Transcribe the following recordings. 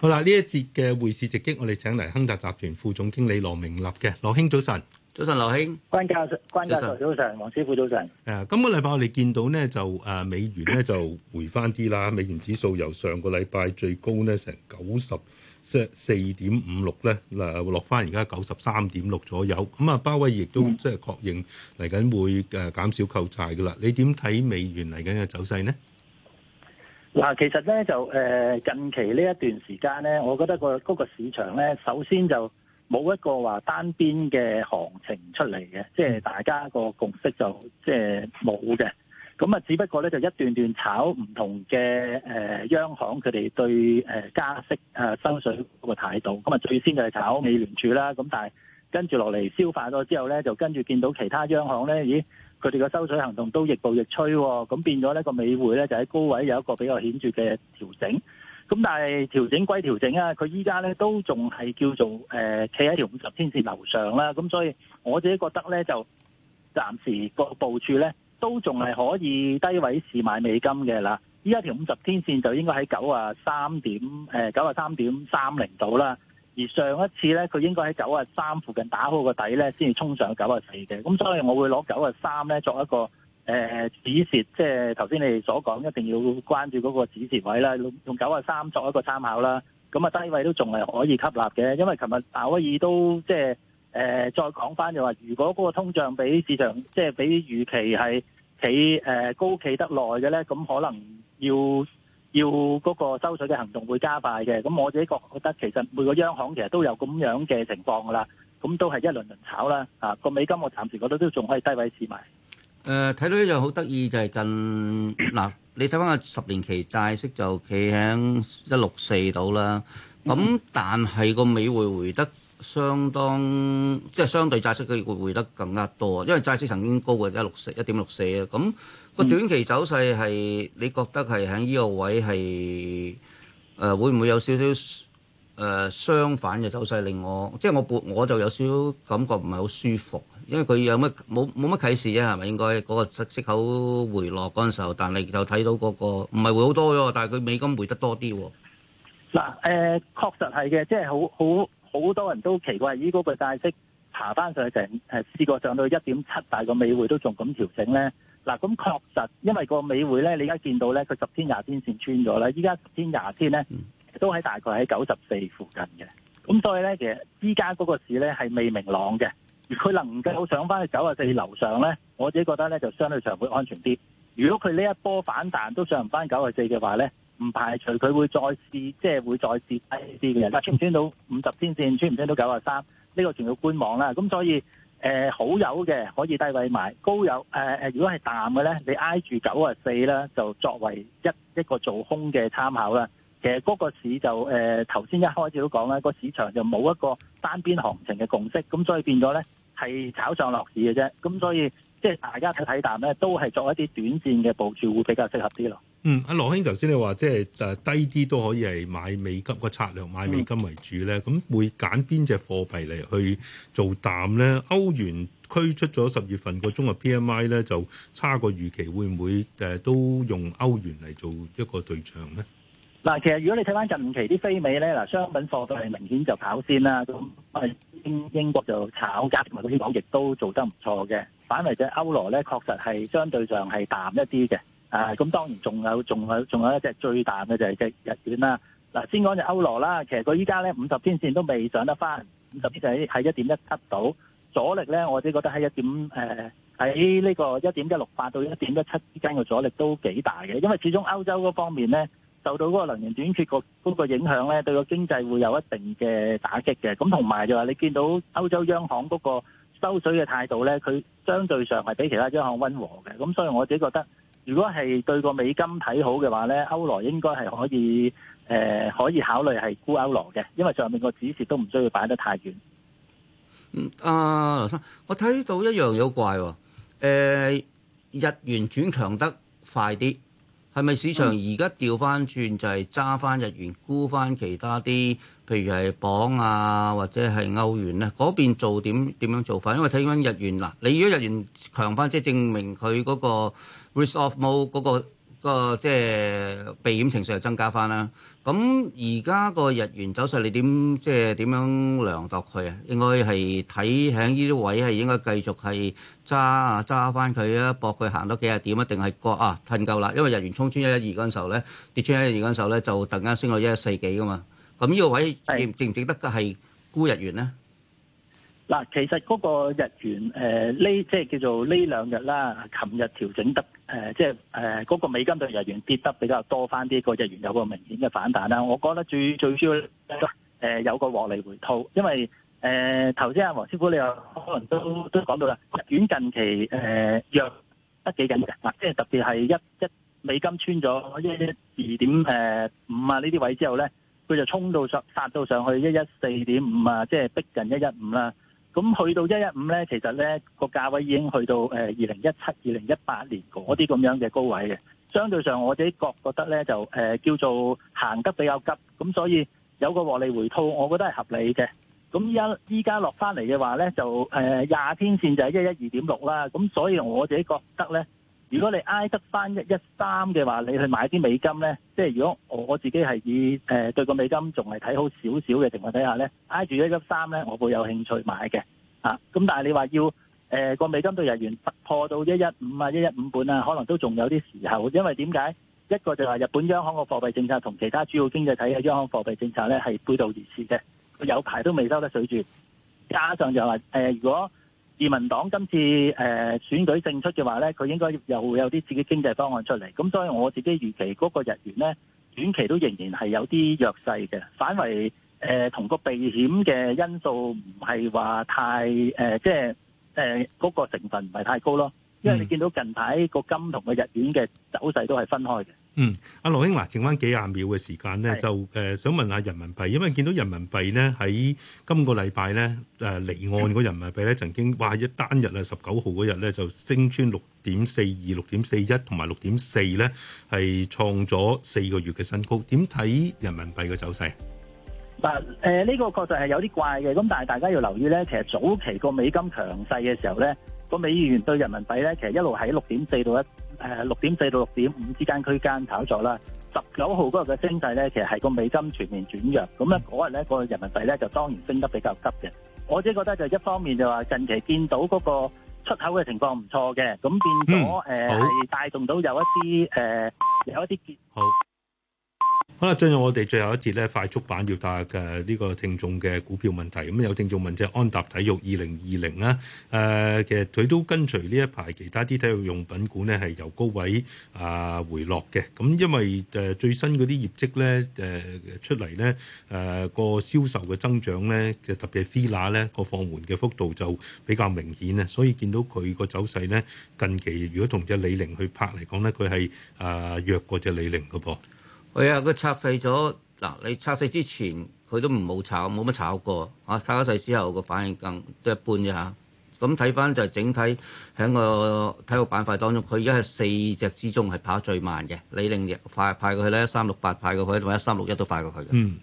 好啦，呢一節嘅匯市直擊，我哋請嚟亨達集團副總經理羅明立嘅羅兄，羅早晨，早晨，羅兄，關教授，關教授，早晨，早晨黃師傅，早晨。誒、啊，今個禮拜我哋見到呢，就誒、啊、美元咧就回翻啲啦，美元指數由上個禮拜最高呢，成九十四四點五六咧，嗱落翻而家九十三點六左右。咁啊，鮑威亦都即係確認嚟緊會誒減少購債噶啦。你點睇美元嚟緊嘅走勢呢？嗱，其實咧就誒近期呢一段時間咧，我覺得個嗰個市場咧，首先就冇一個話單邊嘅行情出嚟嘅，即係大家個共識就即係冇嘅。咁啊，只不過咧就一段段炒唔同嘅誒央行佢哋對誒加息誒收水嗰個態度。咁啊，最先就係炒美聯儲啦。咁但係跟住落嚟消化咗之後咧，就跟住見到其他央行咧，咦？佢哋嘅收水行動都亦步亦趨，咁變咗咧個美匯咧就喺高位有一個比較顯著嘅調整。咁但係調整歸調整啊，佢依家咧都仲係叫做誒企喺條五十天線樓上啦。咁所以我自己覺得咧就暫時個部署咧都仲係可以低位試買美金嘅啦。依家條五十天線就應該喺九啊三點誒九啊三點三零度啦。而上一次咧，佢應該喺九啊三附近打好個底咧，先至衝上九啊四嘅。咁、嗯、所以，我會攞九啊三咧作一個誒止蝕，即係頭先你哋所講，一定要關注嗰個止蝕位啦。用九啊三作一個參考啦。咁、嗯、啊，低位都仲係可以吸納嘅，因為琴日大威爾都即係誒再講返，就話、是呃、如果嗰個通脹比市場即係、就是、比預期係企誒高企得耐嘅咧，咁、嗯、可能要。要嗰個收水嘅行動會加快嘅，咁我自己覺覺得其實每個央行其實都有咁樣嘅情況噶啦，咁都係一輪輪炒啦，啊個美金我暫時覺得都仲可以低位試買。誒，睇到一樣好得意就係近，嗱，你睇返個十年期債息就企喺一六四度啦，咁但係個美匯回得。相當，即係相對債息佢會回得更加多，因為債息曾經高過一六四一點六四啊，咁個短期走勢係、嗯、你覺得係喺呢個位係誒、呃、會唔會有少少誒、呃、相反嘅走勢令我，即係我撥我就有少少感覺唔係好舒服，因為佢有乜冇冇乜啟示啫，係咪？是是應該嗰、那個息息口回落嗰陣時候，但係就睇到嗰、那個唔係回好多喎，但係佢美金回得多啲喎。嗱，誒、嗯呃，確實係嘅，即係好好。好多人都奇怪，咦，個個帶息爬翻上去成，係試過上到一點七，但係個美匯都仲咁調整咧。嗱、啊，咁確實，因為個美匯咧，你而家見到咧，佢十天廿天線穿咗咧，依家十天廿天咧，都喺大概喺九十四附近嘅。咁所以咧，其實依家嗰個市咧係未明朗嘅。佢能夠上翻去九十四樓上咧，我自己覺得咧就相對上會安全啲。如果佢呢一波反彈都上唔翻九十四嘅話咧，唔排除佢會再試，即係會再跌低啲嘅。但係穿唔穿到五十天線，穿唔穿到九廿三呢個仲要觀望啦。咁所以誒、呃、好有嘅可以低位買，高有誒誒、呃、如果係淡嘅咧，你挨住九廿四咧就作為一一個做空嘅參考啦。其實嗰個市就誒頭先一開始都講啦，個市場就冇一個單邊行情嘅共識，咁所以變咗咧係炒上落市嘅啫。咁所以即係大家睇睇淡咧，都係作為一啲短線嘅部署會比較適合啲咯。嗯，阿羅兄頭先你話即係誒低啲都可以係買美金個策略，買美金為主咧。咁、嗯、會揀邊隻貨幣嚟去做淡咧？歐元區出咗十月份個綜合 P M I 咧，就差過預期，會唔會誒都用歐元嚟做一個對象咧？嗱，其實如果你睇翻近期啲非美咧，嗱，商品貨幣係明顯就炒先啦。咁誒英國就炒價，同埋佢先講亦都做得唔錯嘅。反為隻歐羅咧，確實係相對上係淡一啲嘅。啊，咁當然仲有仲有仲有一隻最大嘅就係隻日元啦。嗱，先講隻歐羅啦。其實佢依家咧五十天線都未上得返，五十天線喺喺一點一七度阻力咧，我自己覺得喺一點誒喺呢個一點一六八到一點一七之間嘅阻力都幾大嘅。因為始終歐洲嗰方面咧受到嗰個能源短缺個嗰個影響咧，對個經濟會有一定嘅打擊嘅。咁同埋就話你見到歐洲央行嗰個收水嘅態度咧，佢相對上係比其他央行溫和嘅。咁所以我自己覺得。如果係對個美金睇好嘅話咧，歐羅應該係可以，誒、呃、可以考慮係沽歐羅嘅，因為上面個指示都唔需要擺得太遠。嗯，阿羅生，我睇到一樣嘢好怪喎、呃，日元轉強得快啲。係咪市場而家調翻轉，就係揸翻日元，沽翻其他啲，譬如係鎊啊或者係歐元咧？嗰邊做點點樣做法？因為睇翻日元嗱，你如果日元強翻，即係證明佢嗰個 risk off mode 嗰個。個即係避險情緒又增加翻啦。咁而家個日元走勢你點即係點樣量度佢啊？應該係睇喺呢啲位係應該繼續係揸啊揸翻佢啊，博佢行多幾廿點啊？定係割啊？褪夠啦，因為日元沖穿一一二嗰陣時候咧，跌穿一一二嗰陣時候咧就突然間升到一一四幾㗎嘛。咁呢個位值唔值得嘅係沽日元咧？嗱，其實嗰個日元誒呢即係叫做呢兩日啦，琴日調整得。誒、呃、即係誒嗰個美金對日元跌得比較多翻啲，那個日元有個明顯嘅反彈啦。我覺得最最主要誒、呃、有個獲利回吐，因為誒頭先阿黃師傅你又可能都都講到、呃、啦，日元近期誒弱得幾緊嘅，嗱即係特別係一一美金穿咗一一二點誒五啊呢啲位之後咧，佢就衝到上殺到上去一一四點五啊，即係逼近一一五啦。咁去到一一五咧，其實咧個價位已經去到誒二零一七、二零一八年嗰啲咁樣嘅高位嘅，相對上我自己覺覺得咧就誒、呃、叫做行得比較急，咁所以有個獲利回吐，我覺得係合理嘅。咁依家依家落返嚟嘅話咧，就誒廿、呃、天線就係一一二點六啦，咁所以我自己覺得咧。如果你挨得翻一一三嘅話，你去買啲美金呢？即係如果我自己係以誒、呃、對個美金仲係睇好少少嘅情況底下呢，挨住一一三呢，我會有興趣買嘅啊。咁但係你話要誒、呃、個美金對日元突破到一一五啊、一一五本啊，可能都仲有啲時候，因為點解一個就係日本央行個貨幣政策同其他主要經濟體嘅央行貨幣政策呢係背道而馳嘅，有排都未收得水住，加上就係、是、誒、呃、如果。自民黨今次誒、呃、選舉勝出嘅話咧，佢應該又會有啲自己經濟方案出嚟。咁所以我自己預期嗰個日元咧，短期都仍然係有啲弱勢嘅，反為誒同個避險嘅因素唔係話太誒、呃，即係誒嗰個成分唔係太高咯。因為你見到近排個金同個日元嘅走勢都係分開嘅。嗯，阿羅兄嗱，剩翻幾廿秒嘅時間咧，是就誒、呃、想問下人民幣，因為見到人民幣咧喺今個禮拜咧誒離岸個人民幣咧曾經哇、呃、一單日啊十九號嗰日咧就升穿六點四二、六點四一同埋六點四咧係創咗四個月嘅新高，點睇人民幣嘅走勢？嗱、呃，誒、這、呢個確實係有啲怪嘅，咁但係大家要留意咧，其實早期個美金強勢嘅時候咧，個美元對人民幣咧，其實一路喺六點四到一誒六點四到六點五之間區間炒作啦。十九號嗰日嘅升勢咧，其實係個美金全面轉弱，咁咧嗰日咧個人民幣咧就當然升得比較急嘅。我自己覺得就一方面就話近期見到嗰個出口嘅情況唔錯嘅，咁變咗誒、嗯呃、係帶動到有一啲誒、呃、有一啲結。好。好啦，進入我哋最後一節咧，快速版要答嘅呢個聽眾嘅股票問題。咁有聽眾問即係安踏體育二零二零啦。誒，其實佢都跟隨呢一排其他啲體育用品股咧，係由高位啊回落嘅。咁因為誒最新嗰啲業績咧誒出嚟咧誒個銷售嘅增長咧，其實特別係 FILA 咧個放緩嘅幅度就比較明顯咧。所以見到佢個走勢咧，近期如果同隻李寧去拍嚟講咧，佢係啊弱過隻李寧嘅噃。係啊，佢拆細咗嗱，你拆細之前佢都唔冇炒，冇乜炒過啊！拆咗細之後個反應更都一般啫嚇。咁睇翻就係整體喺個體育板塊當中，佢而家係四隻之中係跑最慢嘅。你李寧快派過佢咧，一三六八派過佢，同埋一三六一都快過佢嘅。嗯。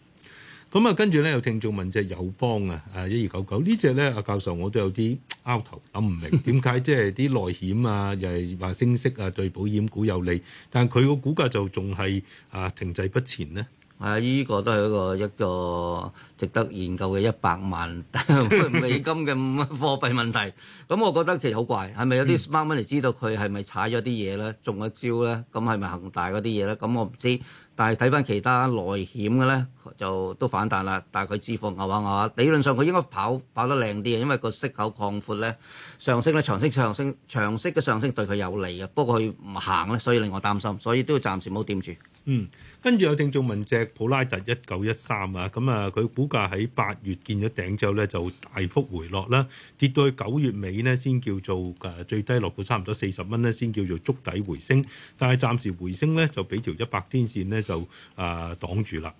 咁啊，跟住咧有聽眾問隻友邦啊，啊一二九九呢隻咧，阿教授我都有啲拗頭諗唔明，點解即係啲內險啊，又係話升息啊，對保險股有利，但係佢個股價就仲係啊停滯不前咧？啊，依、呢個都係一個一個值得研究嘅一百萬 美金嘅貨幣問題。咁我覺得其實好怪，係咪有啲 smart money 知道佢係咪踩咗啲嘢咧，中一招咧？咁係咪恒大嗰啲嘢咧？咁我唔知。但係睇翻其他內險嘅咧，就都反彈啦。但係佢支付牛啊牛啊，理論上佢應該跑跑得靚啲嘅，因為個息口擴闊咧，上升咧長息上升，長息嘅上升對佢有利嘅。不過佢唔行咧，所以令我擔心，所以都要暫時冇掂住。嗯，跟住有定做問隻普拉達一九一三啊，咁啊，佢股價喺八月見咗頂之後咧，就大幅回落啦，跌到去九月尾呢，先叫做誒最低落到差唔多四十蚊咧，先叫做築底回升。但係暫時回升咧，就俾一條一百天線咧，就啊，擋住啦。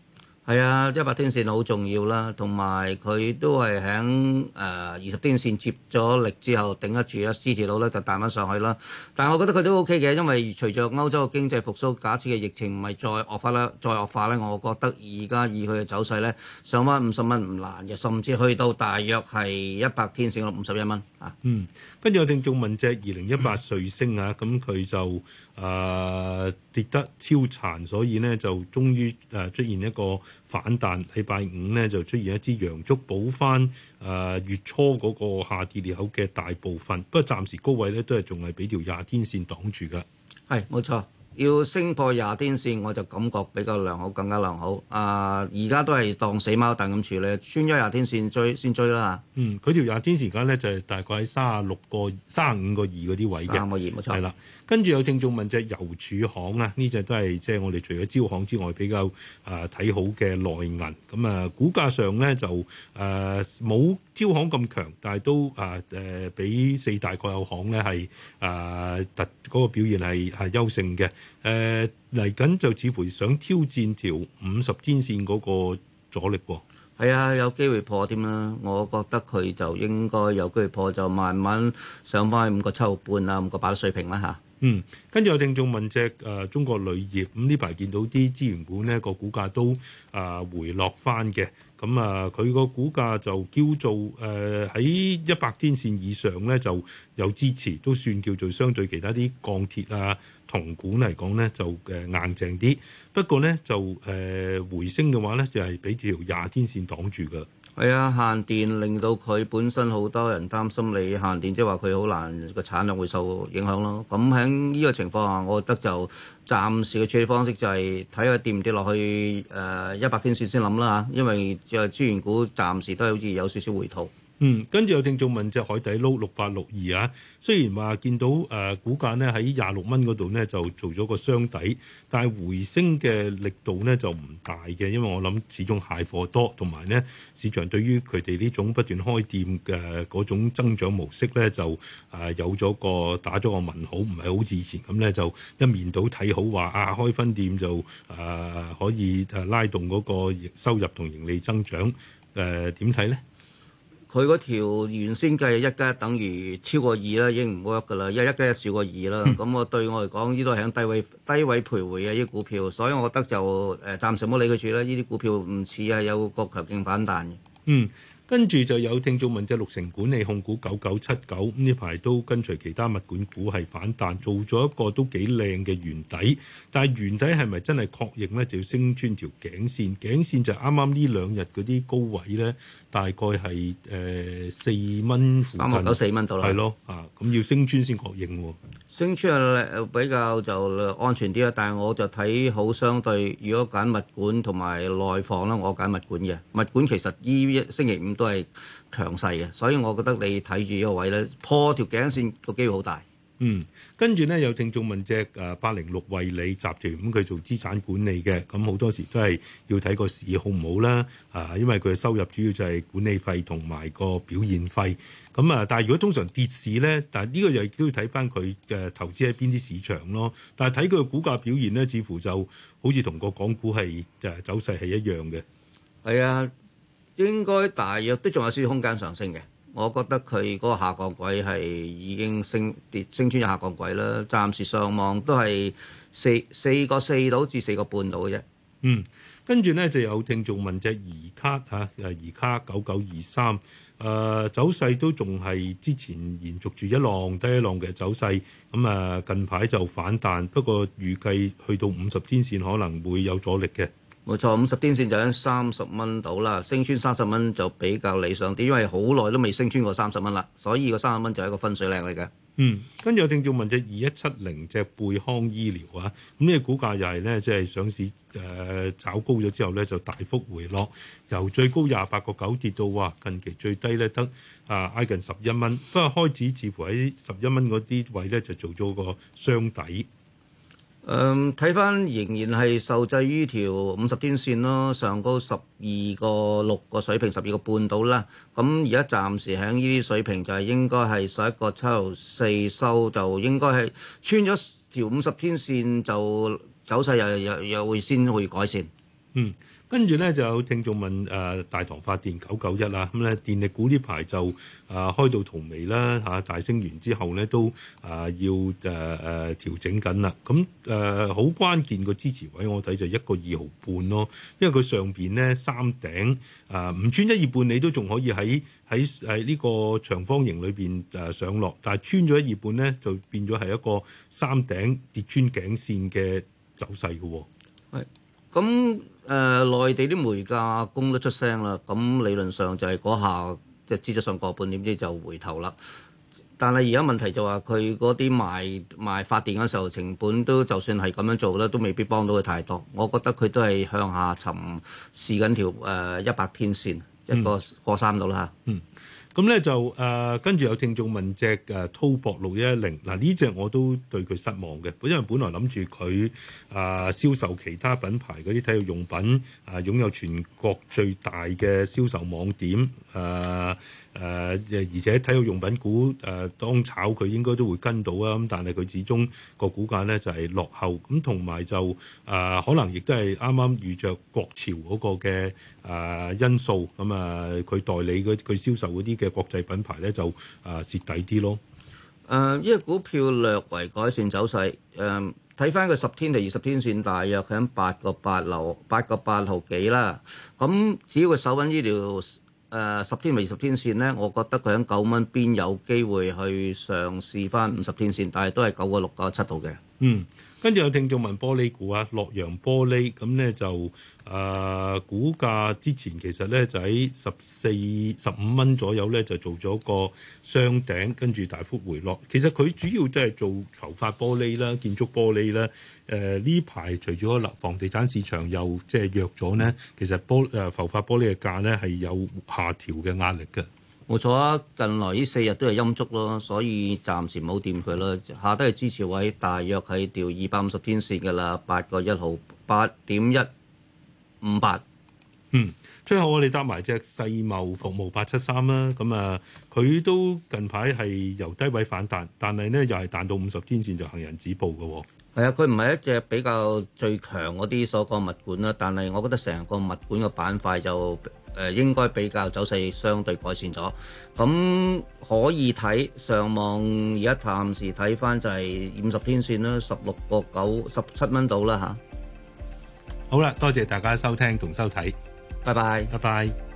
係啊，一百天線好重要啦，同埋佢都係喺誒二十天線接咗力之後頂得住啦，支持到咧就彈翻上去啦。但係我覺得佢都 OK 嘅，因為隨着歐洲嘅經濟復甦，假設嘅疫情唔係再惡化咧，再惡化咧，我覺得而家以佢嘅走勢咧，上翻五十蚊唔難嘅，甚至去到大約係一百天線嗰五十一蚊啊。嗯，跟住我正仲問隻二零一八瑞聲啊，咁佢、嗯、就誒、呃、跌得超殘，所以咧就終於誒、呃、出現一個。反彈，禮拜五咧就出現一支陽燭，補翻誒月初嗰個下跌裂口嘅大部分。不過暫時高位咧都係仲係俾條廿天線擋住㗎。係，冇錯。要升破廿天線，我就感覺比較良好，更加良好。啊，而家都係當死貓彈咁處理，穿咗廿天線追先追啦。嗯，佢條廿天線咁咧，就係、係、大概喺三啊六個、三啊五個二嗰啲位嘅。三啊五二，冇錯。係啦，跟住有聽眾問隻郵儲行啊，呢隻都係即係我哋除咗招行之外比較啊睇、呃、好嘅內銀。咁啊，股價上咧就誒冇、呃、招行咁強，但係都啊誒、呃、比四大國有行咧係啊突嗰個表現係係優勝嘅。誒，嚟緊、啊、就似乎想挑戰條五十天線嗰個阻力噃、啊。係啊，有機會破添啦。我覺得佢就應該有機會破，就慢慢上翻去五個七毫半啦，五個八水平啦、啊、吓、嗯呃。嗯，跟住有聽眾問隻誒中國鋁業咁呢排見到啲資源股呢個股價都啊、呃、回落翻嘅，咁啊佢個股價就叫做誒喺一百天線以上咧就有支持，都算叫做相對其他啲鋼鐵啊。銅股嚟講咧就誒硬淨啲，不過咧就誒、呃、回升嘅話咧就係、是、俾條廿天線擋住㗎。係啊，限電令到佢本身好多人擔心你限電，即係話佢好難個產量會受影響咯。咁喺呢個情況下，我覺得就暫時嘅處理方式就係睇下跌唔跌落去誒一百天線先諗啦嚇，因為就資源股暫時都係好似有少少回吐。嗯，跟住有聽眾問隻海底撈六八六二啊，雖然話見到誒、呃、股價呢喺廿六蚊嗰度呢，呢就做咗個箱底，但係回升嘅力度呢就唔大嘅，因為我諗始終蟹貨多，同埋呢市場對於佢哋呢種不斷開店嘅嗰、呃、種增長模式呢，就誒、呃、有咗個打咗個問號，唔係好似以前咁呢就一面倒睇好話啊，開分店就誒、呃、可以誒拉動嗰個收入同盈利增長，誒點睇呢？佢嗰條原先計一加一等於超過二啦，已經唔 work 噶啦，因為一加一少過二啦。咁我、嗯、對我嚟講，呢度係喺低位低位徘徊嘅呢啲股票，所以我覺得就誒、呃，暫時冇理佢住啦。呢啲股票唔似係，有個強勁反彈嘅。嗯。跟住就有聽眾問，隻綠城管理控股九九七九，呢排都跟隨其他物管股係反彈，做咗一個都幾靚嘅圓底。但係圓底係咪真係確認咧？就要升穿條頸線，頸線就啱啱呢兩日嗰啲高位咧，大概係誒四蚊附近三萬到四蚊到啦。係咯，啊，咁、嗯、要升穿先確認喎、哦。升出嚟比較就安全啲啦，但係我就睇好相對，如果揀物管同埋內房啦，我揀物管嘅物管其實呢一星期五都係強勢嘅，所以我覺得你睇住呢個位咧，破條頸線個機會好大。嗯，跟住咧有聽眾問隻誒八零六惠理集團，咁佢做資產管理嘅，咁好多時都係要睇個市好唔好啦，啊，因為佢嘅收入主要就係管理費同埋個表現費，咁啊，但係如果通常跌市咧，但係呢個又都要睇翻佢嘅投資喺邊啲市場咯。但係睇佢嘅股價表現咧，似乎就好似同個港股係誒、啊、走勢係一樣嘅。係啊，應該大約都仲有少少空間上升嘅。我覺得佢嗰個下降軌係已經升跌升穿咗下降軌啦，暫時上望都係四四個四度至四個半度嘅啫。嗯，跟住咧就有聽眾問隻移卡吓，誒、啊、移卡九九二三，誒走勢都仲係之前延續住一浪低一浪嘅走勢，咁啊近排就反彈，不過預計去到五十天線可能會有阻力嘅。冇錯，五十天線就喺三十蚊度啦，升穿三十蚊就比較理想啲，因為好耐都未升穿過三十蚊啦，所以個三十蚊就係一個分水嶺嚟嘅。嗯，跟住有正要問隻二一七零隻貝康醫療啊，咁、嗯、嘅股價又係咧，即、就、係、是、上市誒、呃、炒高咗之後咧，就大幅回落，由最高廿八個九跌到話近期最低咧得啊挨、呃、近十一蚊，不過開始似乎喺十一蚊嗰啲位咧就做咗個雙底。嗯，睇翻仍然係受制於條五十天線咯，上高十二個六個水平，十二個半到啦。咁而家暫時喺呢啲水平就係應該係十一個七四收就應該係穿咗條五十天線，就走勢又又又，又，又會先會改善。嗯。跟住咧就有聽眾問誒大唐發電九九一啦，咁咧電力股呢排就誒開到荼蘼啦嚇，大升完之後咧都誒要誒誒調整緊啦。咁誒好關鍵個支持位我睇就一個二毫半咯，因為佢上邊咧三頂誒唔穿一二半，你都仲可以喺喺喺呢個長方形裏邊誒上落，但係穿咗一二半咧就變咗係一個三頂跌穿頸線嘅走勢嘅喎。係。咁誒、呃，內地啲煤價供都出聲啦，咁理論上就係嗰下，即係資質上過半，點知就回頭啦。但係而家問題就係佢嗰啲賣賣發電嘅時候成本，都就算係咁樣做咧，都未必幫到佢太多。我覺得佢都係向下沉試緊條誒一百天線，嗯、一個過三度啦。嗯咁咧就誒跟住有聽眾問隻誒滔搏六一、啊 10, 啊、一零，嗱呢隻我都對佢失望嘅，因為本來諗住佢誒銷售其他品牌嗰啲體育用品，誒、啊、擁有全國最大嘅銷售網點誒。啊誒而且體育用品股誒當炒，佢應該都會跟到啊，咁但係佢始終個股價咧就係落後咁，同埋就誒、呃、可能亦都係啱啱遇着國潮嗰個嘅誒、呃、因素，咁啊佢代理佢銷售嗰啲嘅國際品牌咧就誒蝕底啲咯。誒呢個股票略為改善走勢，誒睇翻佢十天定二十天線大約喺八個八樓八個八毫幾啦。咁只要佢手穩醫療。Uh, 十天或二十天線呢，我覺得佢喺九蚊邊有機會去嘗試翻五十天線，但係都係九個六九個七度嘅。嗯，跟住有聽眾問玻璃股啊，洛陽玻璃咁咧就誒、呃、股價之前其實咧就喺十四十五蚊左右，咧就做咗個雙頂，跟住大幅回落。其實佢主要都係做浮法玻璃啦、建築玻璃啦。誒呢排除咗立房地產市場又即係弱咗咧，其實玻誒、呃、浮法玻璃嘅價咧係有下調嘅壓力嘅。冇錯啊！近來呢四日都係陰燭咯，所以暫時冇掂佢啦。下低係支持位，大約係掉二百五十天線嘅啦。八個一號八點一五八。8. 8嗯，最後我哋搭埋隻世茂服務八七三啦。咁啊，佢都近排係由低位反彈，但係呢又係彈到五十天線就行人止步嘅喎。係啊，佢唔係一隻比較最強嗰啲所講物管啦，但係我覺得成個物管嘅板塊就。誒應該比較走勢相對改善咗，咁可以睇上網，而家暫時睇返就係五十天線啦，十六個九十七蚊度啦吓。好啦，多謝大家收聽同收睇，拜拜，拜拜。